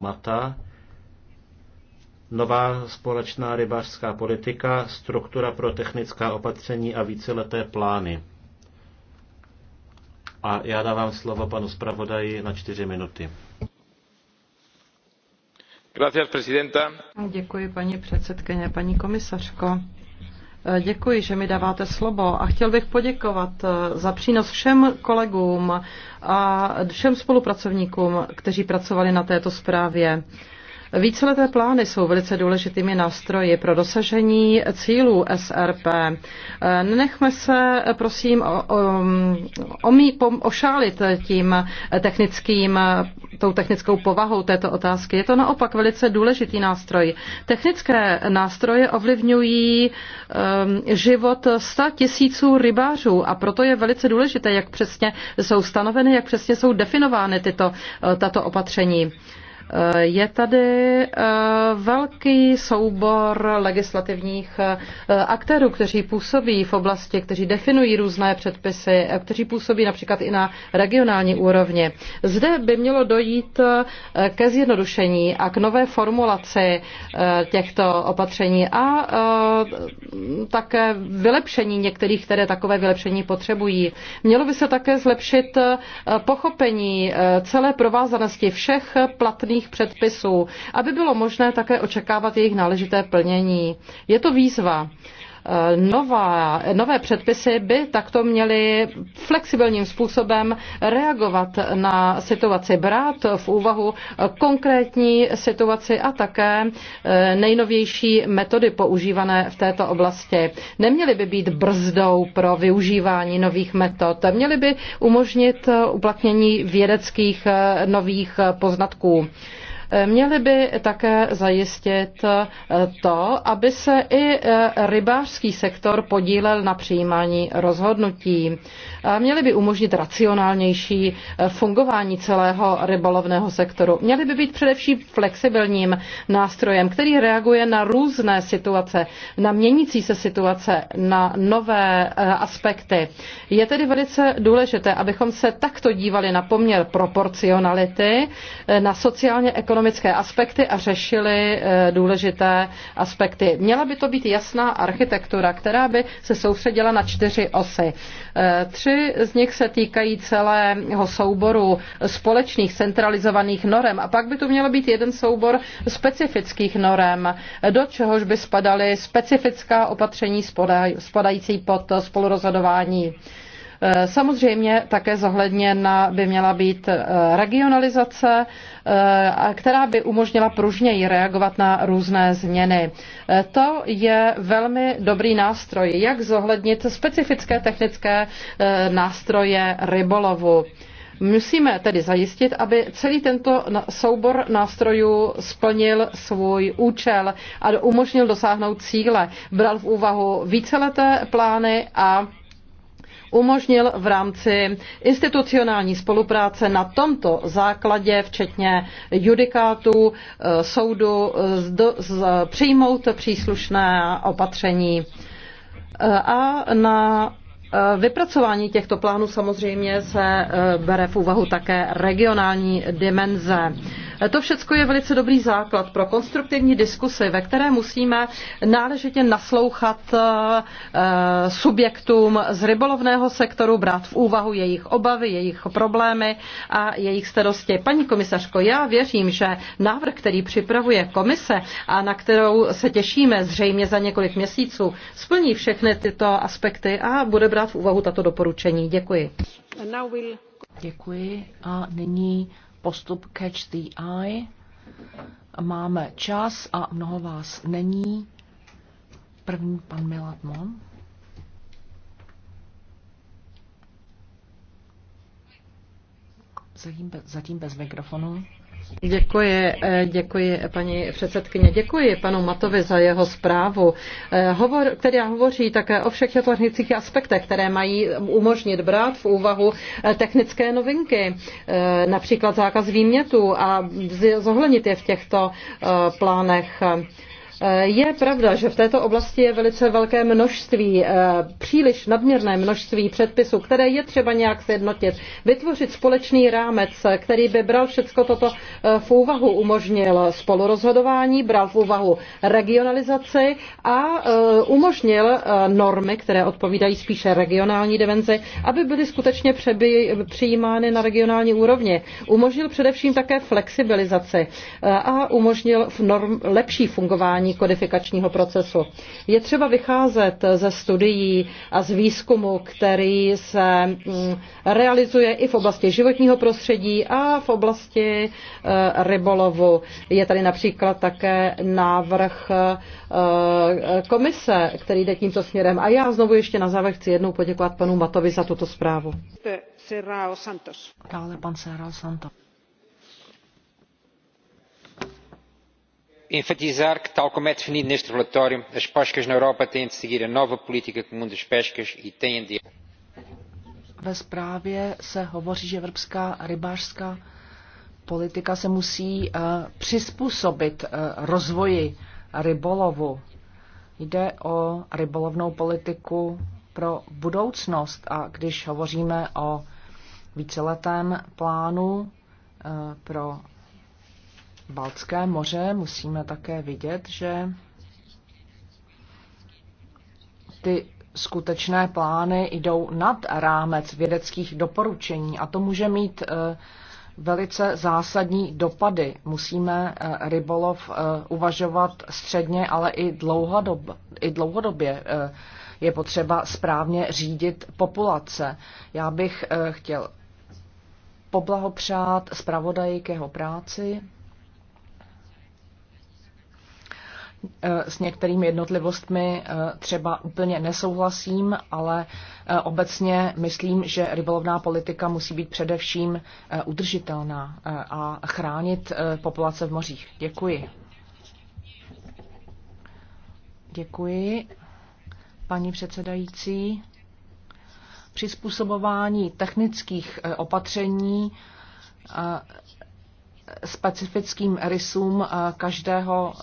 mata, nová společná rybářská politika, struktura pro technická opatření a víceleté plány. A já dávám slovo panu zpravodaji na čtyři minuty. Gracias, presidenta. Děkuji, paní předsedkyně, paní komisařko. Děkuji, že mi dáváte slovo a chtěl bych poděkovat eh, za přínos všem kolegům a všem spolupracovníkům, kteří pracovali na této zprávě. Víceleté plány jsou velice důležitými nástroji pro dosažení cílů SRP. Nenechme se, prosím, o, o, ošálit tím technickým, tou technickou povahou této otázky. Je to naopak velice důležitý nástroj. Technické nástroje ovlivňují um, život sta tisíců rybářů a proto je velice důležité, jak přesně jsou stanoveny, jak přesně jsou definovány tyto, tato opatření. Uh, je tady eh, velký soubor legislativních eh, aktérů, kteří působí v oblasti, kteří definují různé předpisy, eh, kteří působí například i na regionální úrovni. Zde by mělo dojít ke zjednodušení a k nové formulaci těchto opatření a také vylepšení některých, které takové vylepšení potřebují. Mělo by se také zlepšit pochopení celé provázanosti všech platných právních předpisů, aby bylo možné také očekávat jejich náležité plnění. Je to výzva. Eh, nová, nové předpisy by takto měly flexibilním způsobem reagovat na situaci, brát v úvahu konkrétní situaci a také eh, nejnovější metody používané v této oblasti. Neměly by být brzdou pro využívání nových metod, měly by umožnit eh, uplatnění vědeckých nových poznatků. Měli by také zajistit eh, to, aby se i eh, rybářský sektor podílel na přijímání rozhodnutí. Měli by umožnit racionálnější eh, fungování celého rybolovného sektoru. Měli by být především flexibilním nástrojem, který reaguje na různé situace, na měnící se situace, na nové aspekty. Je tedy velice důležité, abychom se takto dívali na poměr proporcionality, na sociálně ekonomické ekonomické aspekty a řešili eh, důležité aspekty. Měla by to být jasná architektura, která by se soustředila na čtyři osy. Eh, tři z nich se týkají celého souboru společných centralizovaných norem a pak by tu mělo být jeden soubor specifických norem, eh, do čehož by spadaly specifická opatření spadající pod spolurozhodování. Eh, samozřejmě také zohledněna by měla být eh, regionalizace, eh, která by umožnila pružněji reagovat na různé změny. To je velmi dobrý nástroj, jak zohlednit specifické technické nástroje rybolovu. Musíme tedy zajistit, aby celý tento soubor nástrojů splnil svůj účel a umožnil dosáhnout cíle. Bral v úvahu víceleté plány a umožnil v rámci institucionální spolupráce na tomto základě, včetně judikátů eh, soudu, přijmout příslušné opatření. Eh, a na eh, vypracování těchto plánů samozřejmě se bere v úvahu také regionální dimenze. To všechno je velice dobrý základ pro konstruktivní diskusy, ve které musíme náležitě naslouchat eh, eh, subjektům z rybolovného sektoru, brát v úvahu jejich obavy, jejich problémy a jejich starosti. Paní komisařko, já věřím, že návrh, který připravuje komise a na kterou se těšíme zřejmě za několik měsíců, splní všechny tyto aspekty a bude brát v úvahu tato doporučení. Děkuji. Děkuji a nyní postup Catch the Eye. Máme čas a mnoho vás není. První pan Milat Mon. Zatím bez, zatím bez mikrofonu. Děkuji, eh, děkuji paní předsedkyně, děkuji panu Matovi za jeho zprávu, eh, hovor, která hovoří také o všech technických aspektech, které mají umožnit brát v úvahu eh, technické novinky, například zákaz výmětů a zohlednit je v těchto plánech. Je pravda, že v této oblasti je velice velké množství, eh, příliš nadměrné množství předpisů, které je třeba nějak sjednotit, vytvořit společný rámec, který by bral všechno toto eh, v úvahu, umožnil spolurozhodování, bral v úvahu regionalizaci a eh, umožnil normy, které odpovídají spíše regionální dimenzi, aby byly skutečně přeby, přijímány na regionální úrovni. Umožnil především také flexibilizaci a umožnil norm, lepší fungování fungování kodifikačního procesu. Je třeba vycházet ze studií a z výzkumu, který se mm, realizuje i v oblasti životního prostředí a v oblasti e, rybolovu. Je tady například také návrh e, komise, který jde tímto směrem. A já znovu ještě na závěr chci jednou poděkovat panu Matovi za tuto zprávu. Dále pan Serral Santos. enfatizar que tal como é definido neste relatório as pescas na europa têm de seguir a nova política comum das pescas e têm de. ve zprávě se hovoří, že evropská rybářská politika se musí uh, přizpůsobit uh, rozvoji rybolovu. Jde o rybolovnou politiku pro budoucnost a když hovoříme o víceletém plánu uh, pro Baltské moře musíme také vidět, že ty skutečné plány jdou nad rámec vědeckých doporučení a to může mít eh, velice zásadní dopady. Musíme eh, rybolov eh, uvažovat středně, ale i, dlouhodob, i dlouhodobě. Je potřeba správně řídit populace. Já bych chtěl poblahopřát zpravodaji k jeho práci. Eh, s některými jednotlivostmi eh, třeba úplně nesouhlasím, ale eh, obecně myslím, že rybolovná politika musí být především udržitelná a chránit populace v mořích. Děkuji. Děkuji, paní předsedající. Přizpůsobování technických opatření specifickým rysům každého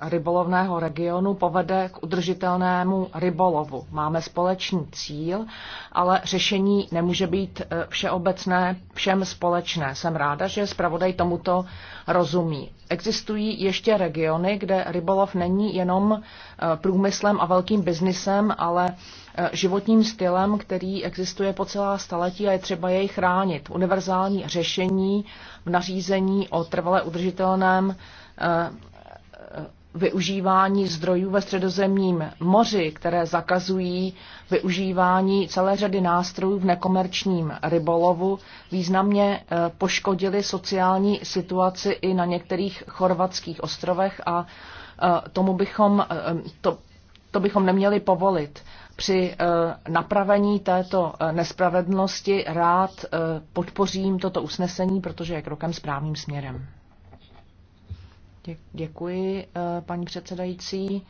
rybolovného regionu povede k udržitelnému rybolovu. Máme společný cíl, ale řešení nemůže být e, všeobecné, všem společné. Jsem ráda, že zpravodaj tomuto rozumí. Existují ještě regiony, kde rybolov není jenom e, průmyslem a velkým biznisem, ale e, životním stylem, který existuje po celá staletí a je třeba jej chránit. Univerzální řešení v nařízení o trvale udržitelném využívání zdrojů ve středozemním moři, které zakazují využívání celé řady nástrojů v nekomerčním rybolovu, významně eh, poškodili sociální situaci i na některých chorvatských ostrovech a eh, tomu bychom, eh, to, to bychom neměli povolit. Při napravení této nespravedlnosti rád podpořím toto usnesení, protože je krokem správným směrem. Děkuji, eh, paní předsedající.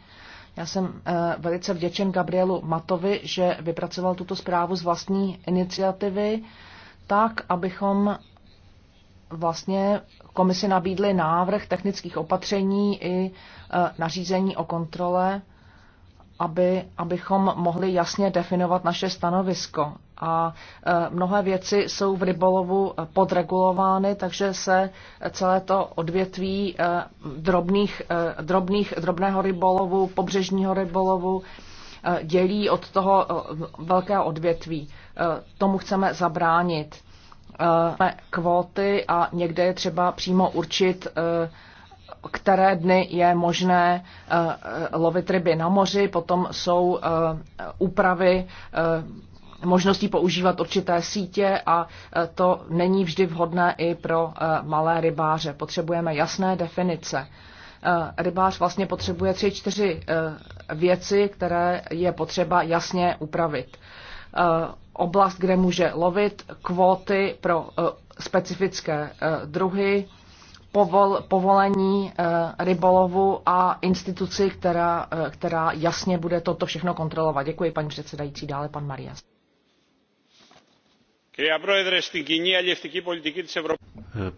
Já jsem eh, velice vděčen Gabrielu Matovi, že vypracoval tuto zprávu z vlastní iniciativy, tak, abychom vlastně komisi nabídli návrh technických opatření i eh, nařízení o kontrole, aby, abychom mohli jasně definovat naše stanovisko a e, mnohé věci jsou v rybolovu e, podregulovány, takže se celé to odvětví e, drobných, drobných, drobného rybolovu, pobřežního rybolovu dělí od toho velkého odvětví. Tomu chceme zabránit. Máme kvóty a někde je třeba přímo určit které dny je možné lovit ryby na moři, potom jsou úpravy možností používat určité sítě a e, to není vždy vhodné i pro e, malé rybáře. Potřebujeme jasné definice. E, rybář vlastně potřebuje tři, čtyři věci, které je potřeba jasně upravit. Oblast, kde může lovit, kvóty pro specifické druhy, povol, povolení rybolovu a instituci, která, která jasně bude toto všechno kontrolovat. Děkuji, paní předsedající. Dále pan Marias.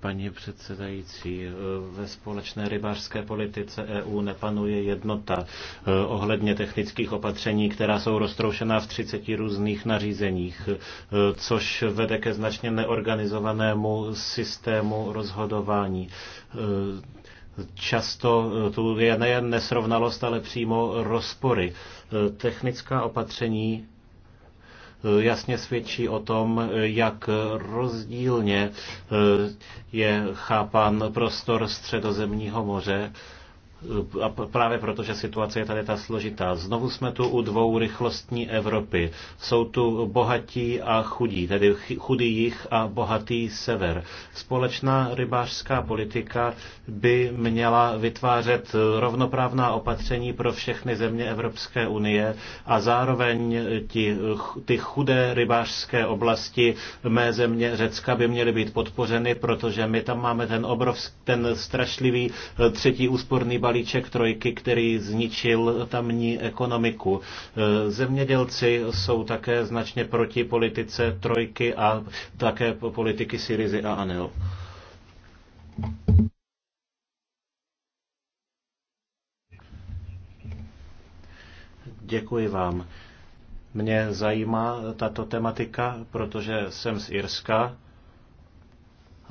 Paní předsedající, ve společné rybářské politice EU nepanuje jednota e, ohledně technických opatření, která jsou roztroušená v 30 různých nařízeních, e, což vede ke značně neorganizovanému systému rozhodování. E, často tu je nejen nesrovnalost, ale přímo rozpory. Technická opatření Eh, jasně svědčí o tom, eh, jak rozdílně eh, je chápán prostor středozemního moře a právě proto, že situace je tady ta složitá. Znovu jsme tu u dvou rychlostní Evropy. Jsou tu bohatí a chudí, tedy chudý jich a bohatý sever. Společná rybářská politika by měla vytvářet rovnoprávná opatření pro všechny země Evropské unie a zároveň ti, ty chudé rybářské oblasti mé země Řecka by měly být podpořeny, protože my tam máme ten obrovský, ten strašlivý třetí úsporný balíček balíček trojky, který zničil tamní ekonomiku. E, zemědělci jsou také značně proti politice trojky a také politiky Syrizy a Anel. Děkuji vám. Mě zajímá tato tematika, protože jsem z Irska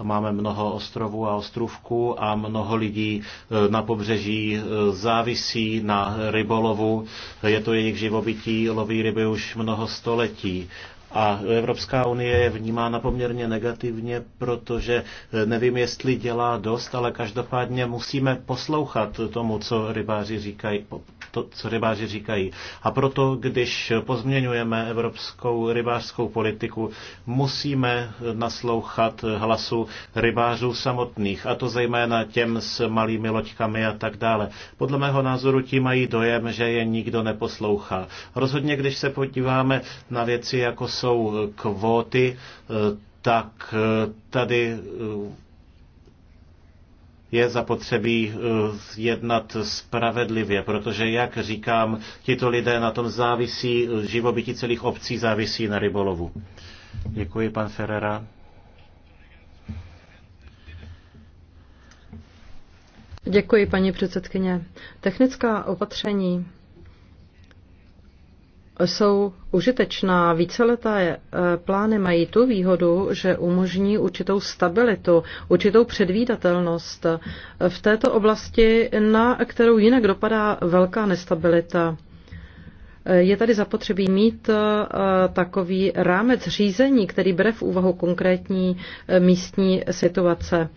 Máme mnoho ostrovů a ostrovků a mnoho lidí e, na pobřeží e, závisí na rybolovu. Je to jejich živobytí, loví ryby už mnoho století. A Evropská unie je vnímána poměrně negativně, protože nevím, jestli dělá dost, ale každopádně musíme poslouchat tomu, co rybáři říkají. To, co rybáři říkají. A proto, když pozměňujeme evropskou rybářskou politiku, musíme naslouchat hlasu rybářů samotných, a to zejména těm s malými loďkami a tak dále. Podle mého názoru ti mají dojem, že je nikdo neposlouchá. Rozhodně, když se podíváme na věci jako jsou eh, kvóty, eh, tak eh, tady je zapotřebí jednat spravedlivě, protože, jak říkám, tito lidé na tom závisí, živobytí celých obcí závisí na rybolovu. Děkuji, pan Ferrera. Děkuji, paní předsedkyně. Technická opatření jsou užitečná. Víceleté eh, plány mají tu výhodu, že umožní určitou stabilitu, určitou předvídatelnost eh, v této oblasti, na kterou jinak dopadá velká nestabilita. Eh, je tady zapotřebí mít takový rámec řízení, který bere v úvahu konkrétní místní situace.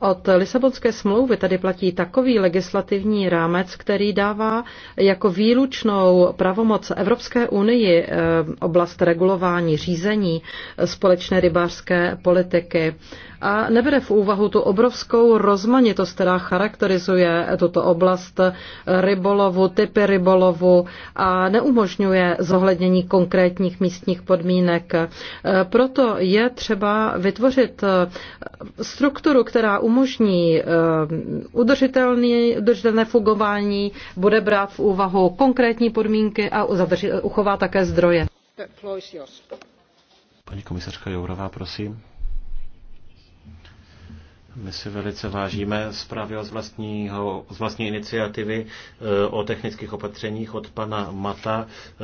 Od Lisabonské smlouvy tady platí takový legislativní rámec, který dává jako výlučnou pravomoc Evropské unii eh, oblast regulování řízení eh, společné rybářské politiky a nebere v úvahu tu obrovskou rozmanitost, která charakterizuje tuto oblast eh, rybolovu, typy rybolovu a neumožňuje zohlednění konkrétních místních podmínek. Proto je třeba vytvořit strukturu, která umožní eh, udržitelný, udržitelné fungování, bude brát v úvahu konkrétní podmínky a uchová také zdroje. Paní komisařka Jourová, prosím. My si velice vážíme zprávy z, vlastního, z vlastní iniciativy e, o technických opatřeních od pana Mata, e,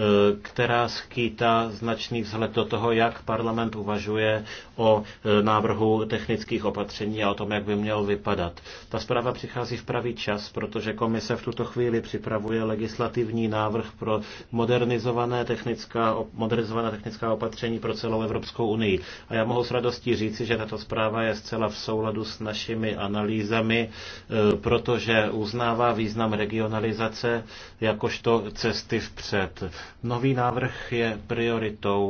která skýtá značný vzhled do toho, jak parlament uvažuje o e, návrhu technických opatření a o tom, jak by měl vypadat. Ta zpráva přichází v pravý čas, protože komise v tuto chvíli připravuje legislativní návrh pro modernizované technická, modernizovaná technická opatření pro celou Evropskou unii. A já mohu s radostí říci, že tato zpráva je zcela v souladu s našimi analýzami, e, protože uznává význam regionalizace jakožto cesty vpřed. Nový návrh je prioritou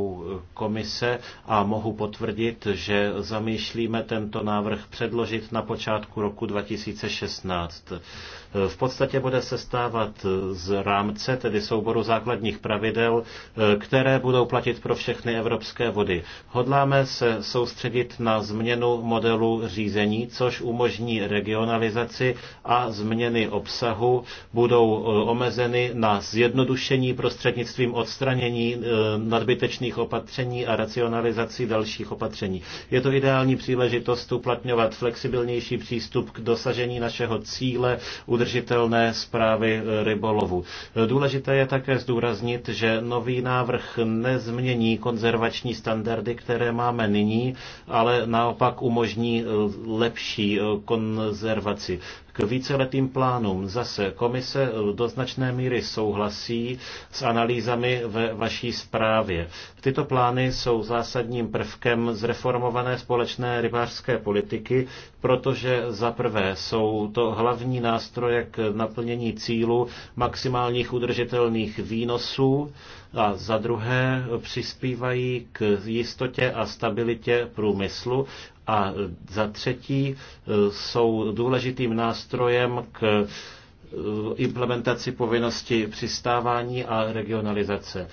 komise a mohu potvrdit, že zamýšlíme tento návrh předložit na počátku roku 2016. E, v podstatě bude sestávat z rámce, tedy souboru základních pravidel, e, které budou platit pro všechny evropské vody. Hodláme se soustředit na změnu modelu řízení což umožní regionalizaci a změny obsahu budou e, omezeny na zjednodušení prostřednictvím odstranění e, nadbytečných opatření a racionalizací dalších opatření. Je to ideální příležitost uplatňovat flexibilnější přístup k dosažení našeho cíle udržitelné zprávy e, rybolovu. Důležité je také zdůraznit, že nový návrh nezmění konzervační standardy, které máme nyní, ale naopak umožní lepší eh, konzervaci. K víceletým plánům zase komise eh, do značné míry souhlasí s analýzami ve vaší zprávě. Tyto plány jsou zásadním prvkem zreformované společné rybářské politiky, protože za prvé jsou to hlavní nástroje k naplnění cílu maximálních udržitelných výnosů a za druhé přispívají k jistotě a stabilitě průmyslu a za třetí e, jsou důležitým nástrojem k Eh, implementaci povinnosti přistávání a regionalizace.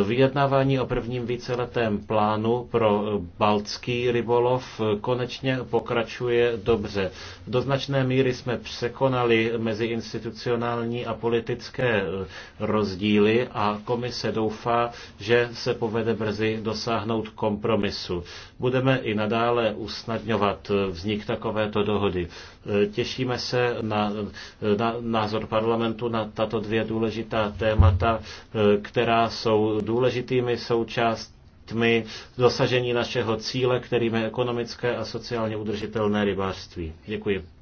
Eh, vyjednávání o prvním víceletém plánu pro eh, baltský rybolov konečně pokračuje dobře. Do značné míry jsme překonali institucionální a politické rozdíly a komise doufá, že se povede brzy dosáhnout kompromisu. Budeme i nadále usnadňovat vznik takovéto dohody. Těšíme se na, na, na názor parlamentu na tato dvě důležitá témata, e, která jsou důležitými součástmi dosažení našeho cíle, kterým je ekonomické a sociálně udržitelné rybářství. Děkuji.